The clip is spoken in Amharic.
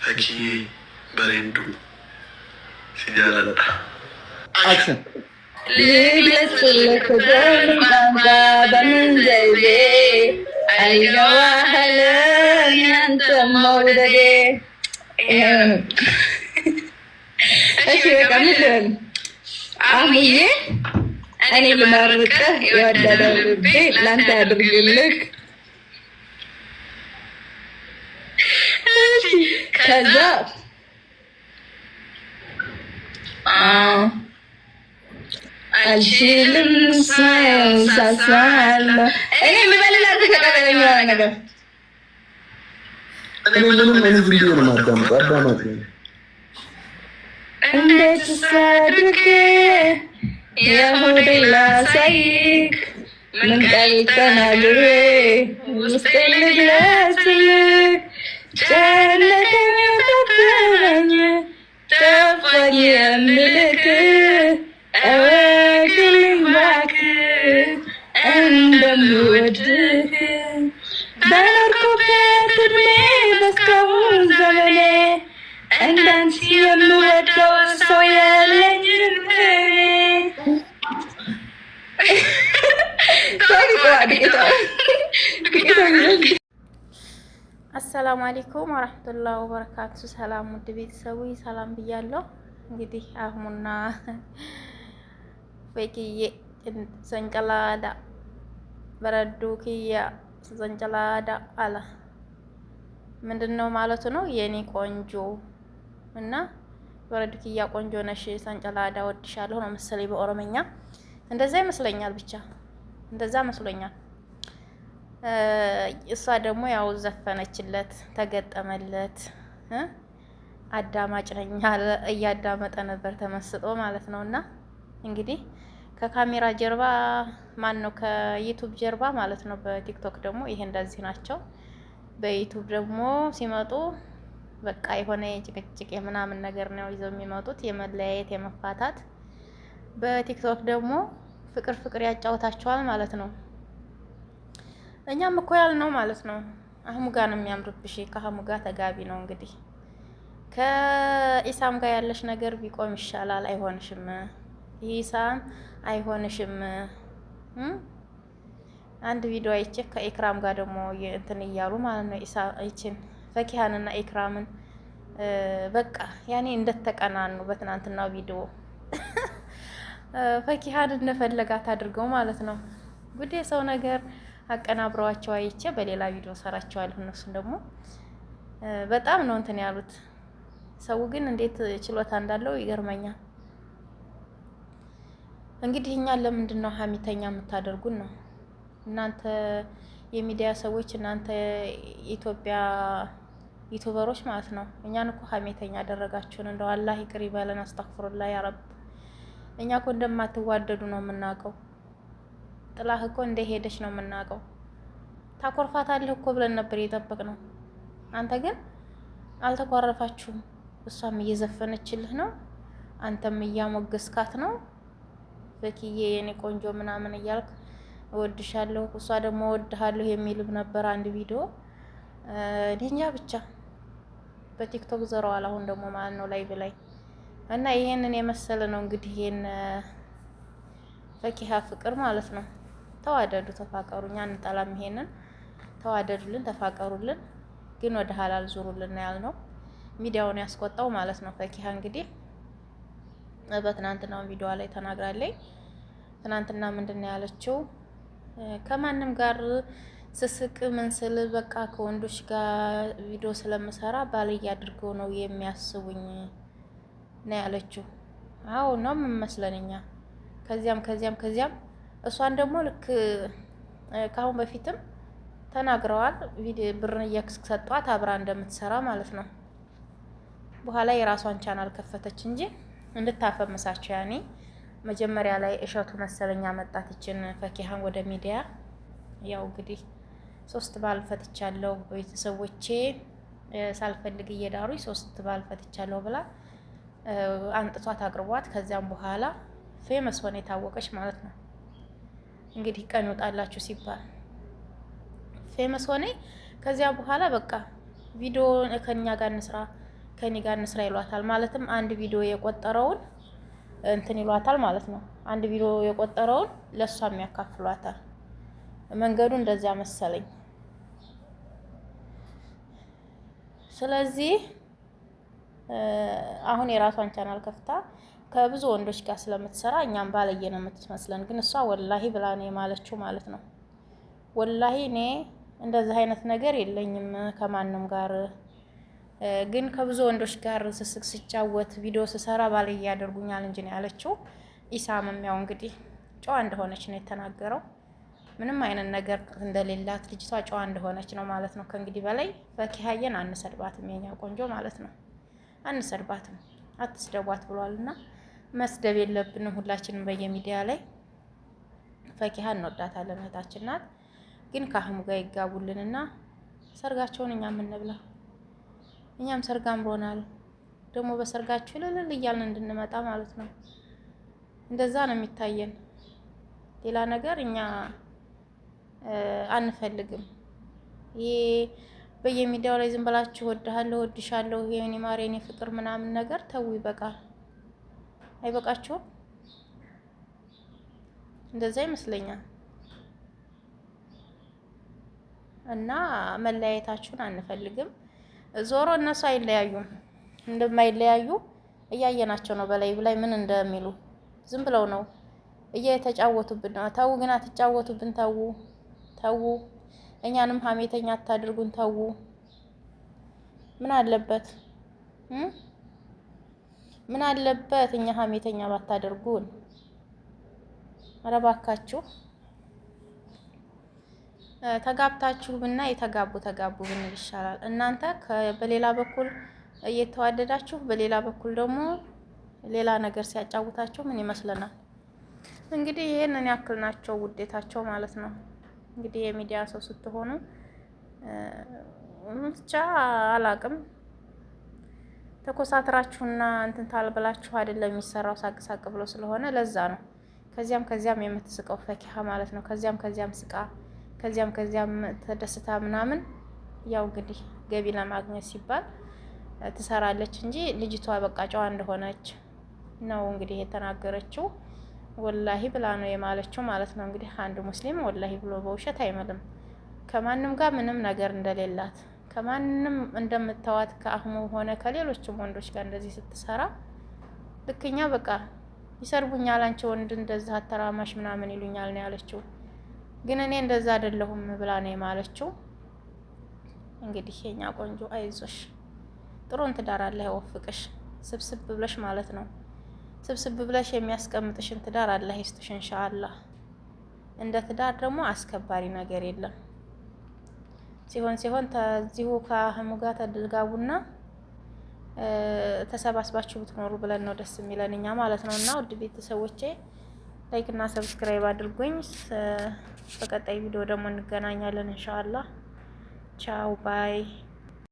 Fakkii bareedduu si jaaladha. Action. Liila sallaka jaalu dhaabaa manjayee ayya waa halaan nyaanta mawdagee. እሺ በቃ ምን ልበል አሁዬ እኔ ልመርቅህ የወደደ ልቤ ላንተ ያድርግልህ ከዛ አልችልም ሳሳለ እኔ የምበልላት ተቀጠለኝ ነገር ምንም አይነት እንዴት ሳድርግ የሆዴን ላሳይክ ምን ቃል ተናግሬ ልግለጽልክ Turn አሰላሙ አለይኩም ወራህመቱላሂ ወበረካቱ። ሰላም ውድ ቤተሰቡ ሰላም ብያለሁ። እንግዲህ አህሙና ፈኪዬ ዘንጨላዳ በረዱ ክያ ዘንጨላዳ አለ ምንድን ነው ማለቱ ነው? የኔ ቆንጆ እና በረዱ ክያ ቆንጆ ነሽ፣ ዘንጨላዳ ወድሻለሁ ነው መሰለኝ በኦሮመኛ እንደዛ ይመስለኛል። ብቻ እንደዛ መስሎኛል። እሷ ደግሞ ያው ዘፈነችለት፣ ተገጠመለት። አዳማጭ ነኝ እያዳመጠ ነበር ተመስጦ ማለት ነው። እና እንግዲህ ከካሜራ ጀርባ ማን ነው? ከዩቱብ ጀርባ ማለት ነው። በቲክቶክ ደግሞ ይሄ እንደዚህ ናቸው። በዩቱብ ደግሞ ሲመጡ በቃ የሆነ የጭቅጭቅ የምናምን ነገር ነው ይዘው የሚመጡት የመለያየት የመፋታት። በቲክቶክ ደግሞ ፍቅር ፍቅር ያጫውታቸዋል ማለት ነው። እኛም እኮ ያልነው ማለት ነው። አህሙ ጋር ነው የሚያምርብሽ። ከአህሙ ጋር ተጋቢ ነው እንግዲህ። ከኢሳም ጋር ያለሽ ነገር ቢቆም ይሻላል። አይሆንሽም፣ ኢሳም አይሆንሽም። አንድ ቪዲዮ አይቼ ከኢክራም ጋር ደግሞ እንትን እያሉ ማለት ነው ኢሳ ይችን ፈኪሃንና ኢክራምን በቃ ያኔ እንደተቀናኑ በትናንትናው ቪዲዮ ፈኪሃን እንደፈለጋት አድርገው ማለት ነው። ጉዴ ሰው ነገር አቀናብረዋቸው አይቼ በሌላ ቪዲዮ ሰራቸዋለሁ። እነሱን ደግሞ በጣም ነው እንትን ያሉት። ሰው ግን እንዴት ችሎታ እንዳለው ይገርመኛል። እንግዲህ እኛን ለምንድን ነው ሀሚተኛ የምታደርጉን ነው? እናንተ የሚዲያ ሰዎች፣ እናንተ ኢትዮጵያ ዩቱበሮች ማለት ነው። እኛን እኮ ሀሜተኛ ያደረጋችሁን። እንደው አላህ ይቅር ይበለን። አስተግፍሩላህ ያረብ። እኛ እኮ እንደማትዋደዱ ነው የምናውቀው። ጥላህ እኮ እንደሄደች ነው የምናውቀው። ታኮርፋታለህ እኮ ብለን ነበር የጠበቅነው። አንተ ግን አልተኳረፋችሁም። እሷም እየዘፈነችልህ ነው፣ አንተም እያሞገስካት ነው። በኪዬ የኔ ቆንጆ ምናምን እያልክ እወድሻለሁ፣ እሷ ደግሞ እወድሃለሁ የሚልም ነበር አንድ ቪዲዮ። ዲንጃ ብቻ በቲክቶክ ዘረዋል። አሁን ደግሞ ማለት ነው ላይ ብላይ እና ይሄንን የመሰለ ነው እንግዲህ ይሄን ፈኪሀ ፍቅር ማለት ነው። ተዋደዱ፣ ተፋቀሩ። እኛ ይሄንን ተዋደዱልን፣ ተፋቀሩልን፣ ግን ወደ ሀላል ዙሩልን ያልነው ሚዲያውን ያስቆጣው ማለት ነው። ፈኪሀ እንግዲህ በትናንትናው ቪዲዮ ላይ ተናግራለኝ። ትናንትና ምንድን ነው ያለችው? ከማንም ጋር ስስቅ ምን ስል በቃ ከወንዶች ጋር ቪዲዮ ስለምሰራ ባልዬ አድርገው ነው የሚያስቡኝ ነው ያለችው። አዎ ነው የምመስለን እኛ ከዚያም ከዚያም ከዚያም እሷን ደግሞ ልክ ከአሁን በፊትም ተናግረዋል። ብርን እየሰጧት አብራ እንደምትሰራ ማለት ነው። በኋላ የራሷን ቻናል ከፈተች እንጂ እንድታፈምሳቸው ያኔ መጀመሪያ ላይ እሸቱ መሰለኛ መጣት ይችን ፈኪሀን ወደ ሚዲያ ያው እንግዲህ ሶስት ባል ፈትቻለሁ ቤተሰቦቼ ሳልፈልግ እየዳሩ ሶስት ባል ፈትቻለሁ ብላ አንጥቷት አቅርቧት ከዚያም በኋላ ፌመስ ሆነ የታወቀች ማለት ነው። እንግዲህ ቀን ይወጣላችሁ ሲባል ፌመስ ሆነ። ከዚያ በኋላ በቃ ቪዲዮ ከኛ ጋር እንስራ ከኔ ጋር እንስራ ይሏታል። ማለትም አንድ ቪዲዮ የቆጠረውን እንትን ይሏታል ማለት ነው። አንድ ቪዲዮ የቆጠረውን ለእሷ የሚያካፍሏታል። መንገዱ እንደዚያ መሰለኝ። ስለዚህ አሁን የራሷን ቻናል ከፍታ ከብዙ ወንዶች ጋር ስለምትሰራ እኛም ባለየ ነው የምትመስለን። ግን እሷ ወላሂ ብላ ነው የማለችው ማለት ነው። ወላሂ እኔ እንደዚህ አይነት ነገር የለኝም ከማንም ጋር ግን ከብዙ ወንዶች ጋር ስስቅ ስጫወት ቪዲዮ ስሰራ ባለየ ያደርጉኛል እንጂ ነው ያለችው። ኢሳምም ያው እንግዲህ ጨዋ እንደሆነች ነው የተናገረው። ምንም አይነት ነገር እንደሌላት ልጅቷ ጨዋ እንደሆነች ነው ማለት ነው። ከእንግዲህ በላይ ፈኪሀየን አንሰድባትም የኛ ቆንጆ ማለት ነው። አንሰርባትም፣ አትስደቧት ብሏል እና መስደብ የለብንም ሁላችንም በየሚዲያ ላይ ፈኪሀ እንወዳታለን፣ እህታችን ናት። ግን ከአህሙ ጋር ይጋቡልንና ሰርጋቸውን እኛም እንብላ። እኛም ሰርግ አምሮናል። ደግሞ በሰርጋችሁ እልል እያልን እንድንመጣ ማለት ነው። እንደዛ ነው የሚታየን። ሌላ ነገር እኛ አንፈልግም። ይሄ በየሚዲያው ላይ ዝም ብላችሁ ወድሃለሁ፣ ወድሻለሁ፣ የኔ ማር፣ የኔ ፍቅር ምናምን ነገር ተው፣ ይበቃል። አይበቃችሁም? እንደዛ ይመስለኛል። እና መለያየታችሁን አንፈልግም። ዞሮ እነሱ አይለያዩም። እንደማይለያዩ እያየናቸው ነው። በላይ ላይ ምን እንደሚሉ ዝም ብለው ነው እየተጫወቱብን ነው። ተው ግን አትጫወቱብን። ተው ተው እኛንም ሀሜተኛ አታድርጉን። ተዉ፣ ምን አለበት ምን አለበት እኛ ሀሜተኛ ባታደርጉን። ኧረ እባካችሁ ተጋብታችሁ ብና የተጋቡ ተጋቡ ብንል ይሻላል። እናንተ በሌላ በኩል እየተዋደዳችሁ፣ በሌላ በኩል ደግሞ ሌላ ነገር ሲያጫውታችሁ ምን ይመስለናል? እንግዲህ ይህንን ያክል ናቸው ውዴታቸው ማለት ነው። እንግዲህ የሚዲያ ሰው ስትሆኑ ብቻ አላቅም ተኮሳትራችሁና እንትን ታልብላችሁ አይደለም የሚሰራው ሳቅሳቅ ብሎ ስለሆነ ለዛ ነው። ከዚያም ከዚያም የምትስቀው ፈኪሀ ማለት ነው። ከዚያም ከዚያም ስቃ ከዚያም ከዚያም ተደስታ ምናምን ያው እንግዲህ ገቢ ለማግኘት ሲባል ትሰራለች እንጂ ልጅቷ በቃ ጨዋ እንደሆነች ነው እንግዲህ የተናገረችው። ወላሂ ብላ ነው የማለችው ማለት ነው። እንግዲህ አንድ ሙስሊም ወላሂ ብሎ በውሸት አይምልም። ከማንም ጋር ምንም ነገር እንደሌላት ከማንም እንደምታዋት ከአህሙ ሆነ ከሌሎችም ወንዶች ጋር እንደዚህ ስትሰራ ልክኛ በቃ ይሰርቡኛል፣ አንቺ ወንድ እንደዛ አተራማሽ ምናምን ይሉኛል ነው ያለችው። ግን እኔ እንደዛ አይደለሁም ብላ ነው የማለችው። እንግዲህ የኛ ቆንጆ አይዞሽ፣ ጥሩን ትዳር ወፍቅሽ ይወፍቅሽ፣ ስብስብ ብለሽ ማለት ነው። ስብስብ ብለሽ የሚያስቀምጥሽን ትዳር አላህ ይስጥሽ ኢንሻአላህ። እንደ ትዳር ደግሞ አስከባሪ ነገር የለም። ሲሆን ሲሆን ተዚሁ ከአህሙ ጋር ተድጋቡና ተሰባስባችሁ ብትኖሩ ብለን ነው ደስ የሚለን እኛ ማለት ነው። እና ውድ ቤተሰቦቼ ላይክ እና ሰብስክራይብ አድርጉኝ። በቀጣይ ቪዲዮ ደግሞ እንገናኛለን። እንሻአላህ ቻው ባይ